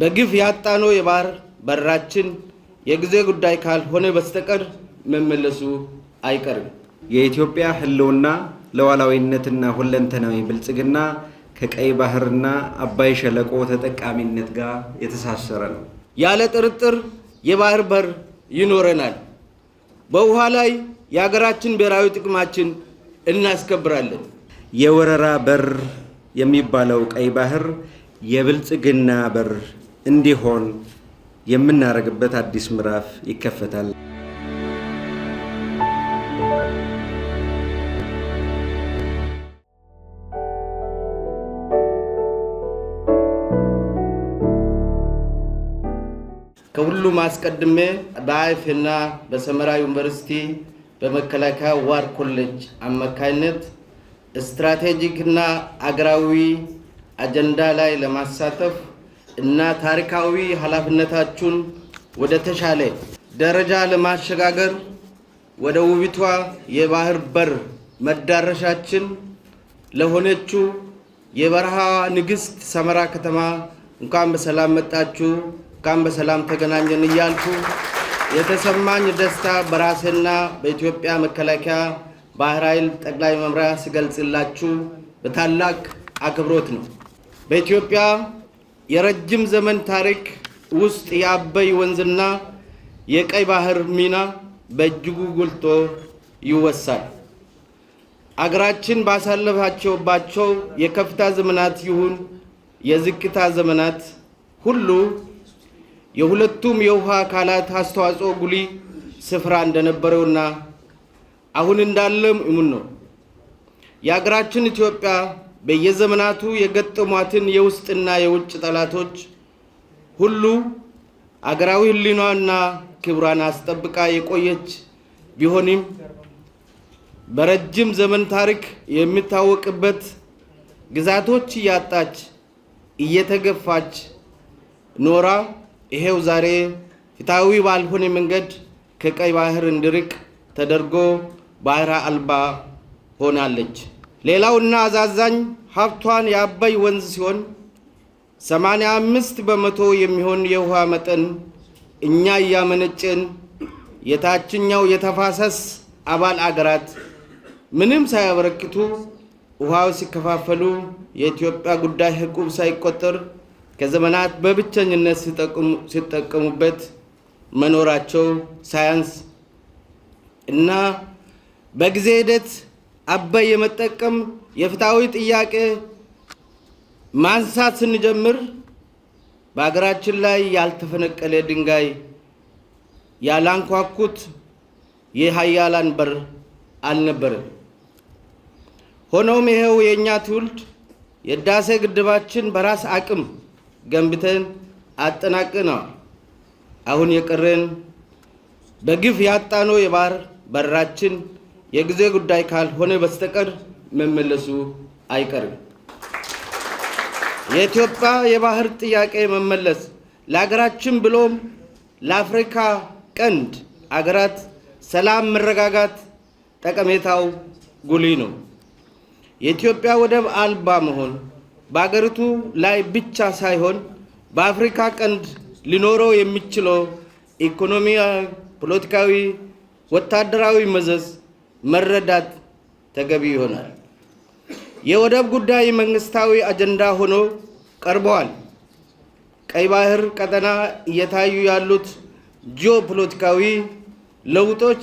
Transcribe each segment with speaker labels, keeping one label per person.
Speaker 1: በግፍ ያጣነው የባህር በራችን የጊዜ ጉዳይ ካልሆነ በስተቀር መመለሱ አይቀርም።
Speaker 2: የኢትዮጵያ ሕልውና ለዋላዊነትና ሁለንተናዊ ብልጽግና ከቀይ ባህርና አባይ ሸለቆ ተጠቃሚነት ጋር የተሳሰረ ነው።
Speaker 1: ያለ ጥርጥር የባህር በር ይኖረናል። በውሃ ላይ የሀገራችን ብሔራዊ ጥቅማችን እናስከብራለን።
Speaker 2: የወረራ በር የሚባለው ቀይ ባህር የብልጽግና በር እንዲሆን የምናደርግበት አዲስ ምዕራፍ ይከፈታል።
Speaker 1: ከሁሉም አስቀድሜ በአይፍና በሰመራ ዩኒቨርሲቲ በመከላከያ ዋር ኮሌጅ አማካይነት ስትራቴጂክና አገራዊ አጀንዳ ላይ ለማሳተፍ እና ታሪካዊ ኃላፊነታችሁን ወደ ተሻለ ደረጃ ለማሸጋገር ወደ ውቢቷ የባህር በር መዳረሻችን ለሆነችው የበረሃ ንግሥት ሰመራ ከተማ እንኳን በሰላም መጣችሁ፣ እንኳን በሰላም ተገናኘን እያልኩ የተሰማኝ ደስታ በራሴና በኢትዮጵያ መከላከያ ባህር ኃይል ጠቅላይ መምሪያ ስገልጽላችሁ በታላቅ አክብሮት ነው። በኢትዮጵያ የረጅም ዘመን ታሪክ ውስጥ የአበይ ወንዝና የቀይ ባህር ሚና በእጅጉ ጎልቶ ይወሳል። አገራችን ባሳለፋቸውባቸው የከፍታ ዘመናት ይሁን የዝቅታ ዘመናት ሁሉ የሁለቱም የውሃ አካላት አስተዋጽኦ ጉሊ ስፍራ እንደነበረውና አሁን እንዳለም እሙን ነው። የአገራችን ኢትዮጵያ በየዘመናቱ የገጠሟትን የውስጥና የውጭ ጠላቶች ሁሉ አገራዊ ሕሊናዋና ክብሯን አስጠብቃ የቆየች ቢሆንም በረጅም ዘመን ታሪክ የሚታወቅበት ግዛቶች እያጣች እየተገፋች ኖራ ይሄው ዛሬ ፍትሐዊ ባልሆነ መንገድ ከቀይ ባህር እንዲርቅ ተደርጎ ባህር አልባ ሆናለች። ሌላውና አዛዛኝ ሀብቷን የአባይ ወንዝ ሲሆን 85 በመቶ የሚሆን የውሃ መጠን እኛ እያመነጭን የታችኛው የተፋሰስ አባል አገራት ምንም ሳያበረክቱ ውሃው ሲከፋፈሉ የኢትዮጵያ ጉዳይ ህቁብ ሳይቆጠር ከዘመናት በብቸኝነት ሲጠቀሙበት መኖራቸው ሳያንስ እና በጊዜ ሂደት አባይ የመጠቀም የፍትሐዊ ጥያቄ ማንሳት ስንጀምር በሀገራችን ላይ ያልተፈነቀለ ድንጋይ ያላንኳኩት የሀያላን በር አልነበረም። ሆኖም ይኸው የእኛ ትውልድ የህዳሴ ግድባችን በራስ አቅም ገንብተን አጠናቅነዋል። አሁን የቀረን በግፍ ያጣነው የባህር በራችን የጊዜ ጉዳይ ካልሆነ በስተቀር መመለሱ አይቀርም። የኢትዮጵያ የባህር ጥያቄ መመለስ ለሀገራችን ብሎም ለአፍሪካ ቀንድ አገራት ሰላም፣ መረጋጋት ጠቀሜታው ጉልህ ነው። የኢትዮጵያ ወደብ አልባ መሆን በአገሪቱ ላይ ብቻ ሳይሆን በአፍሪካ ቀንድ ሊኖረው የሚችለው ኢኮኖሚያዊ፣ ፖለቲካዊ፣ ወታደራዊ መዘዝ መረዳት ተገቢ ይሆናል። የወደብ ጉዳይ መንግስታዊ አጀንዳ ሆኖ ቀርበዋል። ቀይ ባህር ቀጠና እየታዩ ያሉት ጂኦፖለቲካዊ ለውጦች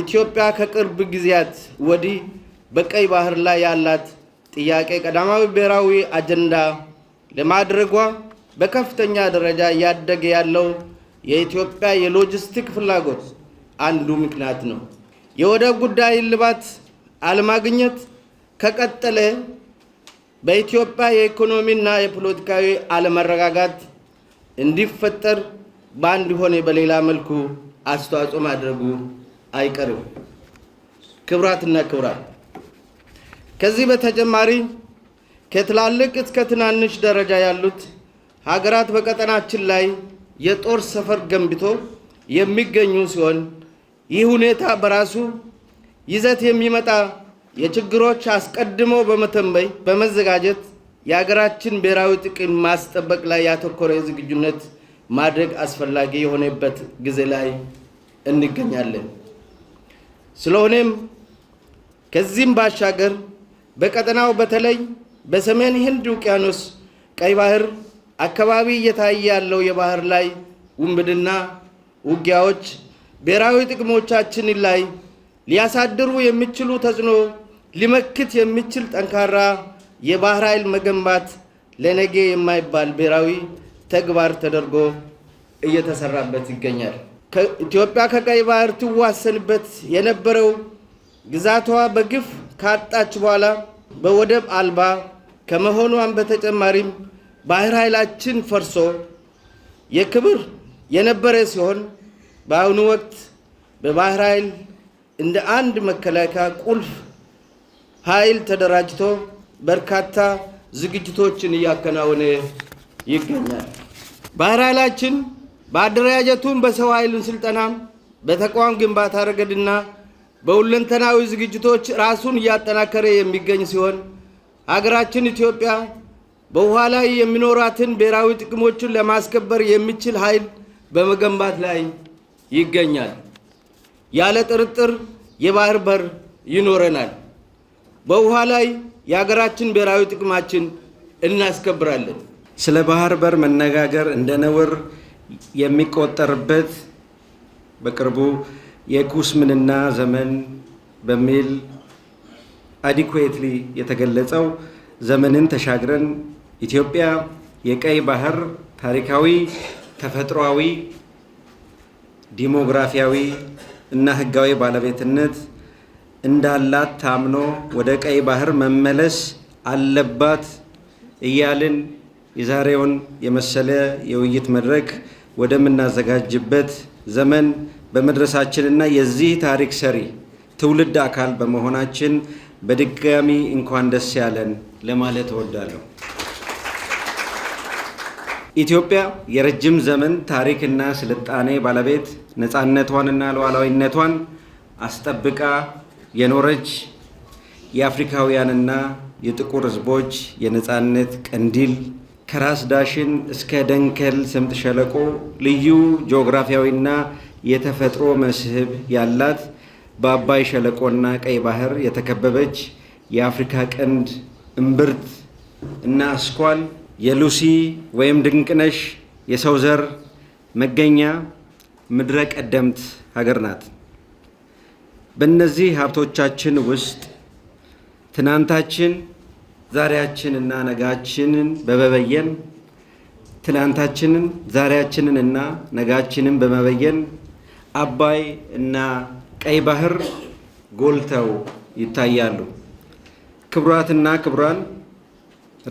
Speaker 1: ኢትዮጵያ ከቅርብ ጊዜያት ወዲህ በቀይ ባህር ላይ ያላት ጥያቄ ቀዳማዊ ብሔራዊ አጀንዳ ለማድረጓ በከፍተኛ ደረጃ እያደገ ያለው የኢትዮጵያ የሎጂስቲክ ፍላጎት አንዱ ምክንያት ነው። የወደብ ጉዳይ እልባት አለማግኘት ከቀጠለ በኢትዮጵያ የኢኮኖሚና የፖለቲካዊ አለመረጋጋት እንዲፈጠር በአንድ ሆነ በሌላ መልኩ አስተዋጽኦ ማድረጉ አይቀርም። ክብራትና ክብራት ከዚህ በተጨማሪ ከትላልቅ እስከ ትናንሽ ደረጃ ያሉት ሀገራት በቀጠናችን ላይ የጦር ሰፈር ገንብቶ የሚገኙ ሲሆን ይህ ሁኔታ በራሱ ይዘት የሚመጣ የችግሮች አስቀድሞ በመተንበይ በመዘጋጀት የሀገራችን ብሔራዊ ጥቅም ማስጠበቅ ላይ ያተኮረ ዝግጁነት ማድረግ አስፈላጊ የሆነበት ጊዜ ላይ እንገኛለን። ስለሆነም ከዚህም ባሻገር በቀጠናው በተለይ በሰሜን ህንድ ውቅያኖስ ቀይ ባህር አካባቢ እየታየ ያለው የባህር ላይ ውንብድና ውጊያዎች ብሔራዊ ጥቅሞቻችን ላይ ሊያሳድሩ የሚችሉ ተጽዕኖ ሊመክት የሚችል ጠንካራ የባህር ኃይል መገንባት ለነገ የማይባል ብሔራዊ ተግባር ተደርጎ እየተሰራበት ይገኛል። ኢትዮጵያ ከቀይ ባህር ትዋሰንበት የነበረው ግዛቷ በግፍ ካጣች በኋላ በወደብ አልባ ከመሆኗን በተጨማሪም ባህር ኃይላችን ፈርሶ የክብር የነበረ ሲሆን በአሁኑ ወቅት በባህር ኃይል እንደ አንድ መከላከያ ቁልፍ ኃይል ተደራጅቶ በርካታ ዝግጅቶችን እያከናወነ ይገኛል። ባህር ኃይላችን በአደረጃጀቱም በሰው ኃይልን ስልጠናም በተቋም ግንባታ ረገድና በሁለንተናዊ ዝግጅቶች ራሱን እያጠናከረ የሚገኝ ሲሆን ሀገራችን ኢትዮጵያ በውሃ ላይ የሚኖራትን ብሔራዊ ጥቅሞችን ለማስከበር የሚችል ኃይል በመገንባት ላይ ይገኛል። ያለ ጥርጥር የባህር በር ይኖረናል። በውሃ ላይ የሀገራችን ብሔራዊ ጥቅማችን እናስከብራለን።
Speaker 2: ስለ ባህር በር መነጋገር እንደ ነውር የሚቆጠርበት በቅርቡ የኩስምንና ዘመን በሚል አዲኩዌትሊ የተገለጸው ዘመንን ተሻግረን ኢትዮጵያ የቀይ ባህር ታሪካዊ፣ ተፈጥሯዊ ዲሞግራፊያዊ እና ህጋዊ ባለቤትነት እንዳላት ታምኖ ወደ ቀይ ባህር መመለስ አለባት እያልን የዛሬውን የመሰለ የውይይት መድረክ ወደምናዘጋጅበት ዘመን በመድረሳችን እና የዚህ ታሪክ ሰሪ ትውልድ አካል በመሆናችን በድጋሚ እንኳን ደስ ያለን ለማለት እወዳለሁ። ኢትዮጵያ የረጅም ዘመን ታሪክና ስልጣኔ ባለቤት ነፃነቷንና ሉዓላዊነቷን አስጠብቃ የኖረች የአፍሪካውያንና የጥቁር ሕዝቦች የነፃነት ቀንዲል ከራስ ዳሽን እስከ ደንከል ስምጥ ሸለቆ ልዩ ጂኦግራፊያዊና የተፈጥሮ መስህብ ያላት በአባይ ሸለቆና ቀይ ባህር የተከበበች የአፍሪካ ቀንድ እምብርት እና አስኳል የሉሲ ወይም ድንቅነሽ የሰው ዘር መገኛ ምድረ ቀደምት ሀገር ናት። በእነዚህ ሀብቶቻችን ውስጥ ትናንታችን ዛሬያችን እና ነጋችንን በመበየን ትናንታችንን ዛሬያችንን እና ነጋችንን በመበየን አባይ እና ቀይ ባህር ጎልተው ይታያሉ። ክቡራትና ክቡራን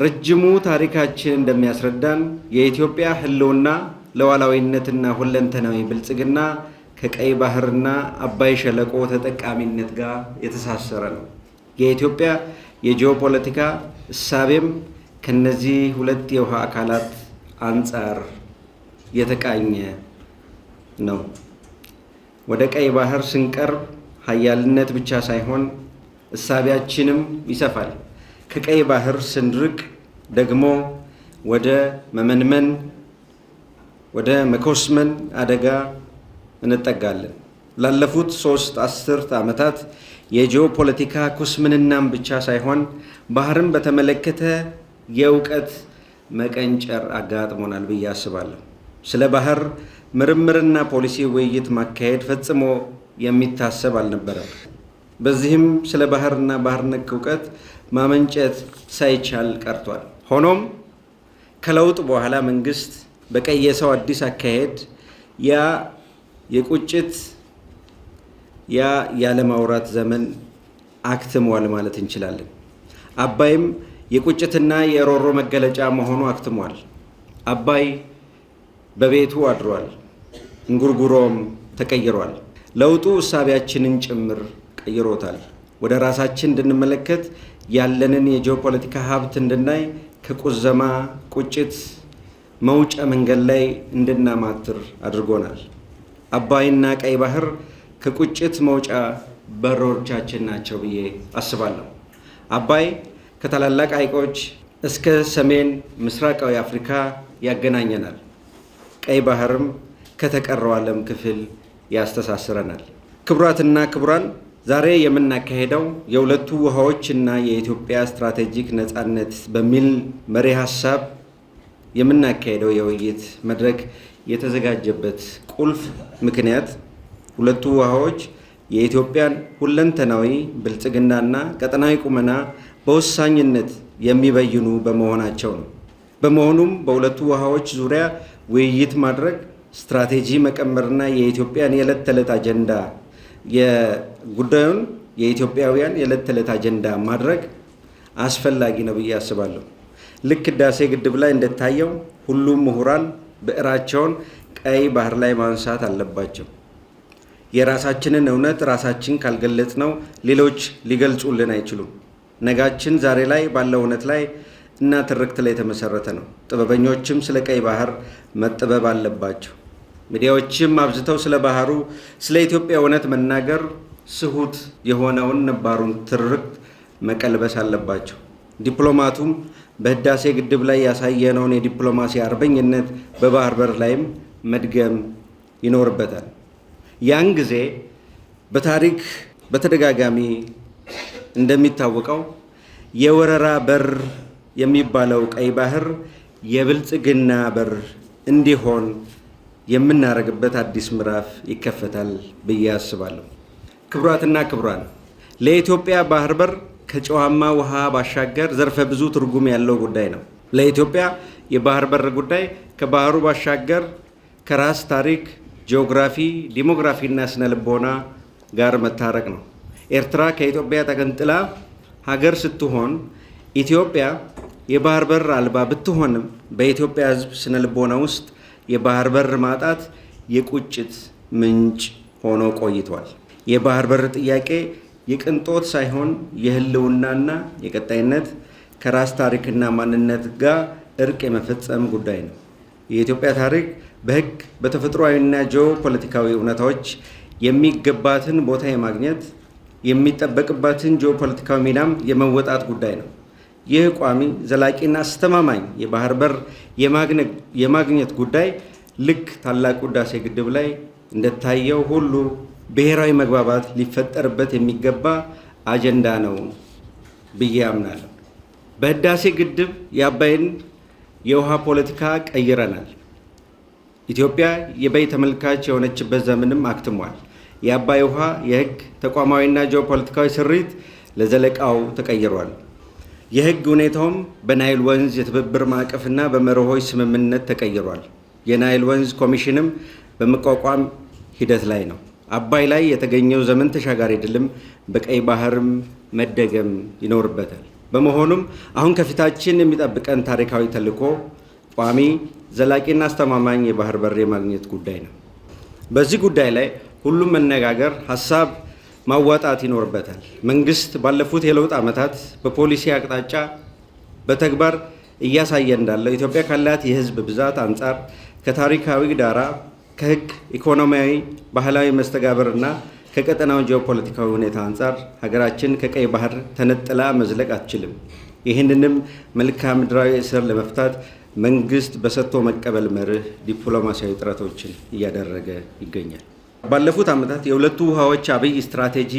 Speaker 2: ረጅሙ ታሪካችን እንደሚያስረዳን የኢትዮጵያ ህልውና ለዋላዊነትና ሁለንተናዊ ብልጽግና ከቀይ ባህርና አባይ ሸለቆ ተጠቃሚነት ጋር የተሳሰረ ነው። የኢትዮጵያ የጂኦፖለቲካ እሳቤም ከነዚህ ሁለት የውሃ አካላት አንጻር የተቃኘ ነው። ወደ ቀይ ባህር ስንቀርብ ሀያልነት ብቻ ሳይሆን እሳቤያችንም ይሰፋል። ከቀይ ባህር ስንርቅ ደግሞ ወደ መመንመን ወደ መኮስመን አደጋ እንጠጋለን። ላለፉት ሶስት አስርት ዓመታት የጂኦፖለቲካ ኩስምንናም ብቻ ሳይሆን ባህርን በተመለከተ የእውቀት መቀንጨር አጋጥሞናል ብዬ አስባለሁ። ስለ ባህር ምርምርና ፖሊሲ ውይይት ማካሄድ ፈጽሞ የሚታሰብ አልነበረም። በዚህም ስለ ባህርና ባህር ነክ እውቀት ማመንጨት ሳይቻል ቀርቷል። ሆኖም ከለውጥ በኋላ መንግስት በቀየሰው አዲስ አካሄድ ያ የቁጭት ያ ያለማውራት ዘመን አክትሟል ማለት እንችላለን። አባይም የቁጭትና የሮሮ መገለጫ መሆኑ አክትሟል። አባይ በቤቱ አድሯል፣ እንጉርጉሮም ተቀይሯል። ለውጡ እሳቢያችንን ጭምር ቀይሮታል። ወደ ራሳችን እንድንመለከት ያለንን የጂኦፖለቲካ ሀብት እንድናይ ከቁዘማ ቁጭት መውጫ መንገድ ላይ እንድናማትር አድርጎናል። አባይና ቀይ ባህር ከቁጭት መውጫ በሮቻችን ናቸው ብዬ አስባለሁ። አባይ ከታላላቅ ሐይቆች እስከ ሰሜን ምስራቃዊ አፍሪካ ያገናኘናል። ቀይ ባህርም ከተቀረው ዓለም ክፍል ያስተሳስረናል። ክቡራትና ክቡራን ዛሬ የምናካሄደው የሁለቱ ውሃዎች እና የኢትዮጵያ ስትራቴጂክ ነጻነት በሚል መሪ ሀሳብ የምናካሄደው የውይይት መድረክ የተዘጋጀበት ቁልፍ ምክንያት ሁለቱ ውሃዎች የኢትዮጵያን ሁለንተናዊ ብልጽግናና ቀጠናዊ ቁመና በወሳኝነት የሚበይኑ በመሆናቸው ነው። በመሆኑም በሁለቱ ውሃዎች ዙሪያ ውይይት ማድረግ ስትራቴጂ መቀመርና የኢትዮጵያን የዕለት ተዕለት አጀንዳ የጉዳዩን የኢትዮጵያውያን የዕለት ተዕለት አጀንዳ ማድረግ አስፈላጊ ነው ብዬ አስባለሁ። ልክ ህዳሴ ግድብ ላይ እንደታየው ሁሉም ምሁራን ብዕራቸውን ቀይ ባህር ላይ ማንሳት አለባቸው። የራሳችንን እውነት ራሳችን ካልገለጽ ነው ሌሎች ሊገልጹልን አይችሉም። ነጋችን ዛሬ ላይ ባለው እውነት ላይ እና ትርክት ላይ የተመሰረተ ነው። ጥበበኞችም ስለ ቀይ ባህር መጥበብ አለባቸው። ሚዲያዎችም አብዝተው ስለ ባህሩ፣ ስለ ኢትዮጵያ እውነት መናገር ስሁት የሆነውን ነባሩን ትርክ መቀልበስ አለባቸው። ዲፕሎማቱም በህዳሴ ግድብ ላይ ያሳየነውን የዲፕሎማሲ አርበኝነት በባህር በር ላይም መድገም ይኖርበታል። ያን ጊዜ በታሪክ በተደጋጋሚ እንደሚታወቀው የወረራ በር የሚባለው ቀይ ባህር የብልጽግና በር እንዲሆን የምናደርግበት አዲስ ምዕራፍ ይከፈታል ብዬ አስባለሁ። ክቡራትና ክቡራን ለኢትዮጵያ ባህር በር ከጨዋማ ውሃ ባሻገር ዘርፈ ብዙ ትርጉም ያለው ጉዳይ ነው። ለኢትዮጵያ የባህር በር ጉዳይ ከባህሩ ባሻገር ከራስ ታሪክ፣ ጂኦግራፊ፣ ዲሞግራፊና ስነ ልቦና ጋር መታረቅ ነው። ኤርትራ ከኢትዮጵያ ተገንጥላ ሀገር ስትሆን ኢትዮጵያ የባህር በር አልባ ብትሆንም በኢትዮጵያ ሕዝብ ስነ ልቦና ውስጥ የባህር በር ማጣት የቁጭት ምንጭ ሆኖ ቆይቷል። የባህር በር ጥያቄ የቅንጦት ሳይሆን የህልውናና የቀጣይነት ከራስ ታሪክና ማንነት ጋር እርቅ የመፈጸም ጉዳይ ነው። የኢትዮጵያ ታሪክ በህግ በተፈጥሯዊና ጂኦ ፖለቲካዊ እውነታዎች የሚገባትን ቦታ የማግኘት የሚጠበቅባትን ጂኦፖለቲካዊ ሚናም የመወጣት ጉዳይ ነው። ይህ ቋሚ ዘላቂና አስተማማኝ የባህር በር የማግኘት ጉዳይ ልክ ታላቁ ህዳሴ ግድብ ላይ እንደታየው ሁሉ ብሔራዊ መግባባት ሊፈጠርበት የሚገባ አጀንዳ ነው ብዬ አምናለሁ። በህዳሴ ግድብ የአባይን የውሃ ፖለቲካ ቀይረናል። ኢትዮጵያ የበይ ተመልካች የሆነችበት ዘመንም አክትሟል። የአባይ ውሃ የህግ ተቋማዊና ጂኦፖለቲካዊ ስሪት ለዘለቃው ተቀይሯል። የህግ ሁኔታውም በናይል ወንዝ የትብብር ማዕቀፍና በመርሆች ስምምነት ተቀይሯል። የናይል ወንዝ ኮሚሽንም በመቋቋም ሂደት ላይ ነው። አባይ ላይ የተገኘው ዘመን ተሻጋሪ ድልም በቀይ ባህርም መደገም ይኖርበታል። በመሆኑም አሁን ከፊታችን የሚጠብቀን ታሪካዊ ተልዕኮ ቋሚ፣ ዘላቂና አስተማማኝ የባህር በር የማግኘት ጉዳይ ነው። በዚህ ጉዳይ ላይ ሁሉም መነጋገር ሀሳብ ማዋጣት ይኖርበታል። መንግስት ባለፉት የለውጥ ዓመታት በፖሊሲ አቅጣጫ በተግባር እያሳየ እንዳለው ኢትዮጵያ ካላት የህዝብ ብዛት አንጻር ከታሪካዊ ዳራ፣ ከህግ፣ ኢኮኖሚያዊ፣ ባህላዊ መስተጋብርና ከቀጠናው ጂኦፖለቲካዊ ሁኔታ አንጻር ሀገራችን ከቀይ ባህር ተነጥላ መዝለቅ አትችልም። ይህንንም መልክዓ ምድራዊ እስር ለመፍታት መንግስት በሰጥቶ መቀበል መርህ ዲፕሎማሲያዊ ጥረቶችን እያደረገ ይገኛል። ባለፉት ዓመታት የሁለቱ ውሃዎች አብይ ስትራቴጂ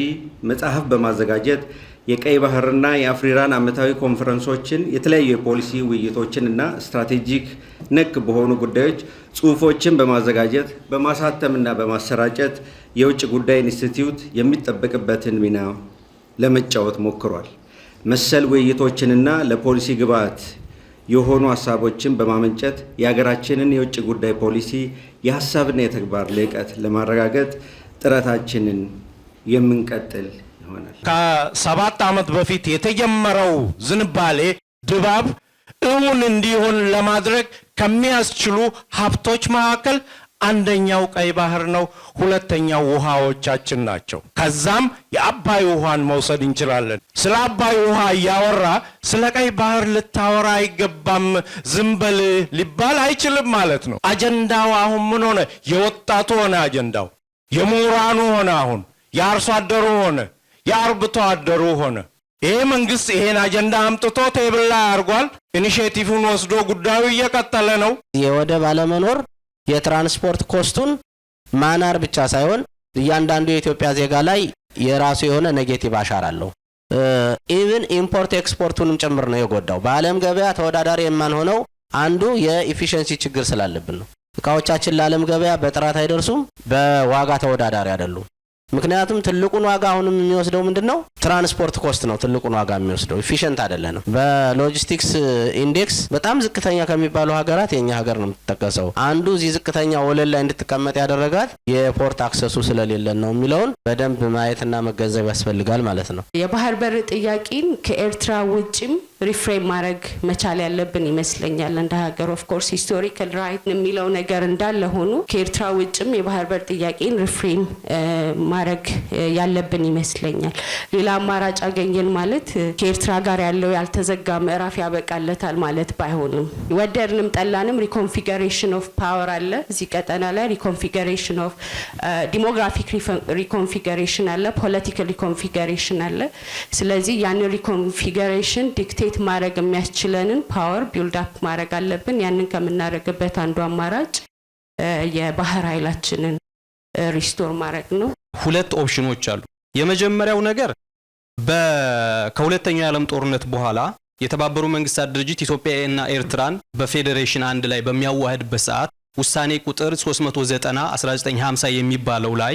Speaker 2: መጽሐፍ በማዘጋጀት የቀይ ባህርና የአፍሪራን ዓመታዊ ኮንፈረንሶችን የተለያዩ የፖሊሲ ውይይቶችን እና ስትራቴጂክ ነክ በሆኑ ጉዳዮች ጽሁፎችን በማዘጋጀት በማሳተምና በማሰራጨት የውጭ ጉዳይ ኢንስቲትዩት የሚጠበቅበትን ሚና ለመጫወት ሞክሯል። መሰል ውይይቶችንና ለፖሊሲ ግብዓት የሆኑ ሀሳቦችን በማመንጨት የሀገራችንን የውጭ ጉዳይ ፖሊሲ የሀሳብና የተግባር ልዕቀት ለማረጋገጥ ጥረታችንን የምንቀጥል ይሆናል።
Speaker 1: ከሰባት ዓመት በፊት የተጀመረው ዝንባሌ ድባብ እውን እንዲሆን ለማድረግ ከሚያስችሉ ሀብቶች መካከል አንደኛው ቀይ ባህር ነው፣ ሁለተኛው ውሃዎቻችን ናቸው። ከዛም የአባይ ውሃን መውሰድ እንችላለን። ስለ አባይ ውሃ እያወራ ስለ ቀይ ባህር ልታወራ አይገባም፣ ዝም በል ሊባል አይችልም ማለት ነው። አጀንዳው አሁን ምን ሆነ? የወጣቱ ሆነ አጀንዳው፣ የምሁራኑ ሆነ፣ አሁን የአርሶ አደሩ ሆነ፣ የአርብቶ አደሩ ሆነ። ይሄ መንግስት ይሄን አጀንዳ አምጥቶ ቴብል ላይ አድርጓል። ኢኒሽቲቭን ወስዶ ጉዳዩ እየቀጠለ ነው። የወደብ አለመኖር የትራንስፖርት ኮስቱን ማናር ብቻ ሳይሆን እያንዳንዱ የኢትዮጵያ ዜጋ ላይ የራሱ የሆነ ኔጌቲቭ አሻራ አለው። ኢቭን ኢምፖርት ኤክስፖርቱንም ጭምር ነው የጎዳው። በዓለም ገበያ ተወዳዳሪ የማንሆነው አንዱ የኢፊሽንሲ ችግር ስላለብን ነው። እቃዎቻችን ለዓለም ገበያ በጥራት አይደርሱም፣ በዋጋ ተወዳዳሪ አይደሉም። ምክንያቱም ትልቁን ዋጋ አሁንም የሚወስደው ምንድን ነው? ትራንስፖርት ኮስት ነው። ትልቁን ዋጋ የሚወስደው ኢፊሽንት አይደለንም። በሎጂስቲክስ ኢንዴክስ በጣም ዝቅተኛ ከሚባሉ ሀገራት የኛ ሀገር ነው የምትጠቀሰው። አንዱ እዚህ ዝቅተኛ ወለል ላይ እንድትቀመጥ ያደረጋት የፖርት አክሰሱ ስለሌለን ነው የሚለውን በደንብ ማየትና መገንዘብ ያስፈልጋል ማለት ነው።
Speaker 3: የባህር በር ጥያቄን ከኤርትራ ውጭም ሪፍሬም ማድረግ መቻል ያለብን ይመስለኛል እንደ ሀገር። ኦፍኮርስ ሂስቶሪካል ራይት የሚለው ነገር እንዳለ ሆኑ ከኤርትራ ውጭም የባህር በር ጥያቄን ሪፍሬም ማድረግ ያለብን ይመስለኛል። ሌላ አማራጭ አገኘን ማለት ከኤርትራ ጋር ያለው ያልተዘጋ ምዕራፍ ያበቃለታል ማለት ባይሆንም ወደድንም ጠላንም ሪኮንፊገሬሽን ኦፍ ፓወር አለ እዚህ ቀጠና ላይ ሪኮንፊገሬሽን ኦፍ ዲሞግራፊክ ሪኮንፊገሬሽን አለ፣ ፖለቲካል ሪኮንፊገሬሽን አለ። ስለዚህ ያንን ሪኮንፊገሬሽን ዲክቴት ማድረግ የሚያስችለንን ፓወር ቢልድ አፕ ማድረግ አለብን። ያንን ከምናደርግበት አንዱ አማራጭ የባህር ኃይላችንን ሪስቶር ማድረግ ነው።
Speaker 1: ሁለት ኦፕሽኖች አሉ። የመጀመሪያው ነገር ከሁለተኛው የዓለም ጦርነት በኋላ የተባበሩ መንግስታት ድርጅት እና ኤርትራን በፌዴሬሽን አንድ ላይ በሚያዋህድበት ሰዓት ውሳኔ ቁጥር 390 1950 የሚባለው ላይ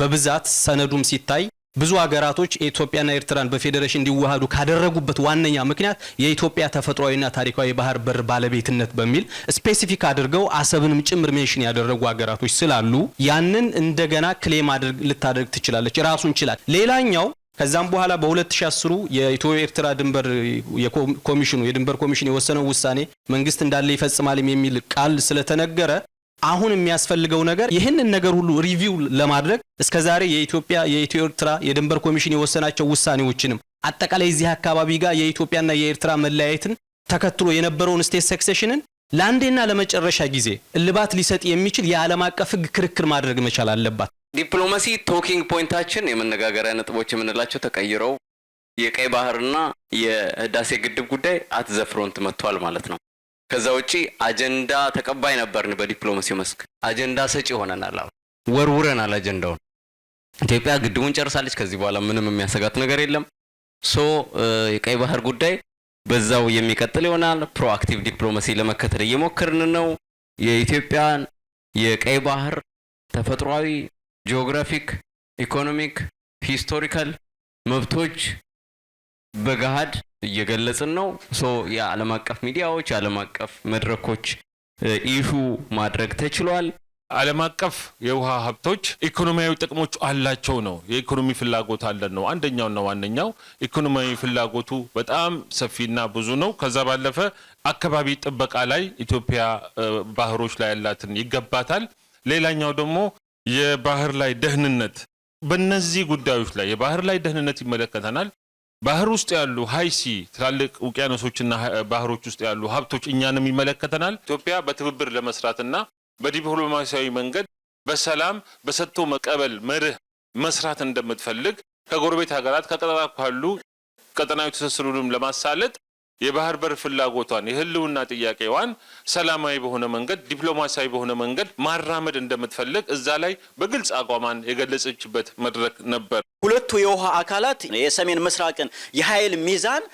Speaker 1: በብዛት ሰነዱም ሲታይ ብዙ ሀገራቶች ኢትዮጵያና ኤርትራን በፌዴሬሽን እንዲዋሃዱ ካደረጉበት ዋነኛ ምክንያት የኢትዮጵያ ተፈጥሯዊና ታሪካዊ ባህር በር ባለቤትነት በሚል ስፔሲፊክ አድርገው አሰብንም ጭምር ሜንሽን ያደረጉ ሀገራቶች ስላሉ ያንን እንደገና ክሌም ልታደርግ ትችላለች፣ ራሱን ይችላል። ሌላኛው ከዛም በኋላ በ2010 የኢትዮ ኤርትራ ድንበር ኮሚሽኑ የድንበር ኮሚሽን የወሰነው ውሳኔ መንግስት እንዳለ ይፈጽማልም የሚል ቃል ስለተነገረ አሁን የሚያስፈልገው ነገር ይህንን ነገር ሁሉ ሪቪው ለማድረግ እስከዛሬ የኢትዮጵያ የኢትዮ ኤርትራ የድንበር ኮሚሽን የወሰናቸው ውሳኔዎችንም አጠቃላይ እዚህ አካባቢ ጋር የኢትዮጵያና የኤርትራ መለያየትን ተከትሎ የነበረውን ስቴት ሰክሴሽንን ለአንዴና ለመጨረሻ ጊዜ እልባት ሊሰጥ የሚችል የዓለም አቀፍ ሕግ ክርክር ማድረግ መቻል አለባት።
Speaker 4: ዲፕሎማሲ ቶኪንግ ፖይንታችን የመነጋገሪያ ነጥቦች የምንላቸው ተቀይረው የቀይ ባህርና የህዳሴ ግድብ ጉዳይ አት መጥቷል ማለት ነው። ከዛ ውጪ አጀንዳ ተቀባይ ነበርን። በዲፕሎማሲ መስክ አጀንዳ ሰጪ ሆነናል። ወርውረናል አጀንዳውን። ኢትዮጵያ ግድቡን ጨርሳለች። ከዚህ በኋላ ምንም የሚያሰጋት ነገር የለም። ሶ የቀይ ባህር ጉዳይ በዛው የሚቀጥል ይሆናል። ፕሮአክቲቭ ዲፕሎማሲ ለመከተል እየሞከርን ነው። የኢትዮጵያን የቀይ ባህር ተፈጥሯዊ፣ ጂኦግራፊክ፣ ኢኮኖሚክ፣ ሂስቶሪካል መብቶች በገሃድ እየገለጽን ነው። ሶ የዓለም አቀፍ ሚዲያዎች፣ የዓለም አቀፍ መድረኮች ኢሹ ማድረግ ተችሏል።
Speaker 1: ዓለም አቀፍ የውሃ ሀብቶች ኢኮኖሚያዊ ጥቅሞች አላቸው ነው። የኢኮኖሚ ፍላጎት አለን ነው አንደኛውና ዋነኛው። ኢኮኖሚያዊ ፍላጎቱ በጣም ሰፊና ብዙ ነው። ከዛ ባለፈ አካባቢ ጥበቃ ላይ ኢትዮጵያ ባህሮች ላይ ያላትን ይገባታል። ሌላኛው ደግሞ የባህር ላይ ደህንነት፣ በእነዚህ ጉዳዮች ላይ የባህር ላይ ደህንነት ይመለከተናል። ባህር ውስጥ ያሉ ሀይሲ ትላልቅ ውቅያኖሶችና ባህሮች ውስጥ ያሉ ሀብቶች እኛንም ይመለከተናል። ኢትዮጵያ በትብብር ለመስራትና በዲፕሎማሲያዊ መንገድ በሰላም በሰጥቶ መቀበል መርህ መስራት እንደምትፈልግ ከጎረቤት ሀገራት ከቀጠና ካሉ ቀጠናዊ ትስስሩንም ለማሳለጥ የባህር በር ፍላጎቷን የህልውና ጥያቄዋን ሰላማዊ በሆነ መንገድ ዲፕሎማሲያዊ በሆነ መንገድ ማራመድ እንደምትፈልግ እዛ ላይ በግልጽ አቋሟን የገለጸችበት መድረክ ነበር።
Speaker 5: ሁለቱ የውሃ አካላት የሰሜን ምስራቅን የኃይል ሚዛን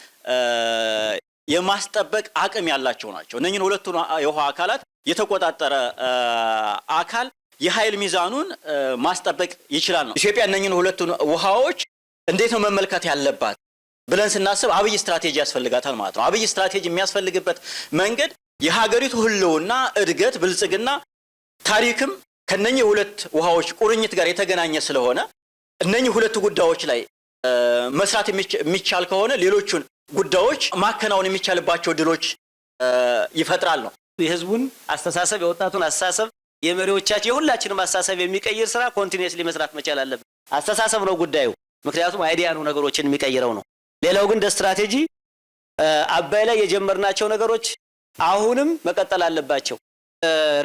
Speaker 5: የማስጠበቅ አቅም ያላቸው ናቸው። እነኝን ሁለቱ የውሃ አካላት የተቆጣጠረ አካል የኃይል ሚዛኑን ማስጠበቅ ይችላል ነው። ኢትዮጵያ እነኝን ሁለቱን ውሃዎች እንዴት ነው መመልከት ያለባት? ብለን ስናስብ አብይ ስትራቴጂ ያስፈልጋታል ማለት ነው። አብይ ስትራቴጂ የሚያስፈልግበት መንገድ የሀገሪቱ ህልውና፣ እድገት፣ ብልጽግና ታሪክም ከነኚህ ሁለት ውሃዎች ቁርኝት ጋር የተገናኘ ስለሆነ እነኚህ ሁለቱ ጉዳዮች ላይ መስራት የሚቻል ከሆነ ሌሎቹን ጉዳዮች ማከናወን የሚቻልባቸው ድሎች ይፈጥራል ነው።
Speaker 6: የህዝቡን አስተሳሰብ የወጣቱን አስተሳሰብ የመሪዎቻችን የሁላችንም አስተሳሰብ የሚቀይር ስራ ኮንቲኒስ መስራት መቻል አለብን። አስተሳሰብ ነው ጉዳዩ። ምክንያቱም አይዲያ ነው ነገሮችን የሚቀይረው ነው። ሌላው ግን እንደ ስትራቴጂ አባይ ላይ የጀመርናቸው ነገሮች አሁንም መቀጠል አለባቸው።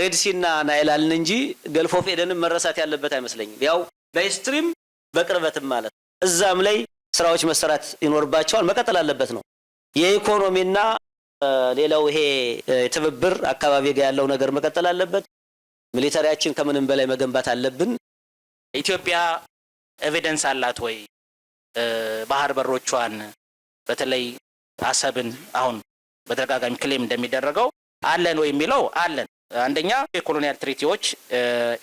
Speaker 6: ሬድሲና ናይላልን እንጂ ገልፎ ኦፍ መረሳት ያለበት አይመስለኝም። ያው በኤክስትሪም በቅርበትም ማለት ነው። እዛም ላይ ስራዎች መሰራት ይኖርባቸዋል፣ መቀጠል አለበት ነው። የኢኮኖሚና ሌላው ይሄ ትብብር አካባቢ ጋር ያለው ነገር መቀጠል አለበት። ሚሊተሪያችን ከምንም በላይ መገንባት አለብን።
Speaker 7: ኢትዮጵያ ኤቪደንስ አላት ወይ? ባህር በሮቿን በተለይ አሰብን አሁን በተደጋጋሚ ክሌም እንደሚደረገው አለን ወይ የሚለው አለን። አንደኛ የኮሎኒያል ትሪቲዎች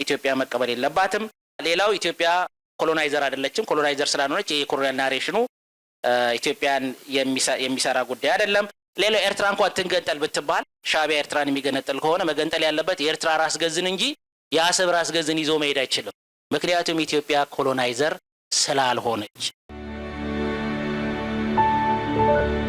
Speaker 7: ኢትዮጵያ መቀበል የለባትም። ሌላው ኢትዮጵያ ኮሎናይዘር አይደለችም። ኮሎናይዘር ስላልሆነች ይህ የኮሎኒያል ናሬሽኑ ኢትዮጵያን የሚሰራ ጉዳይ አይደለም። ሌላው ኤርትራ እንኳ ትንገንጠል ብትባል ሻቢያ ኤርትራን የሚገነጠል ከሆነ መገንጠል ያለበት የኤርትራ ራስ ገዝን እንጂ የአሰብ ራስ ገዝን ይዞ መሄድ አይችልም። ምክንያቱም ኢትዮጵያ ኮሎናይዘር ስላልሆነች Thank you.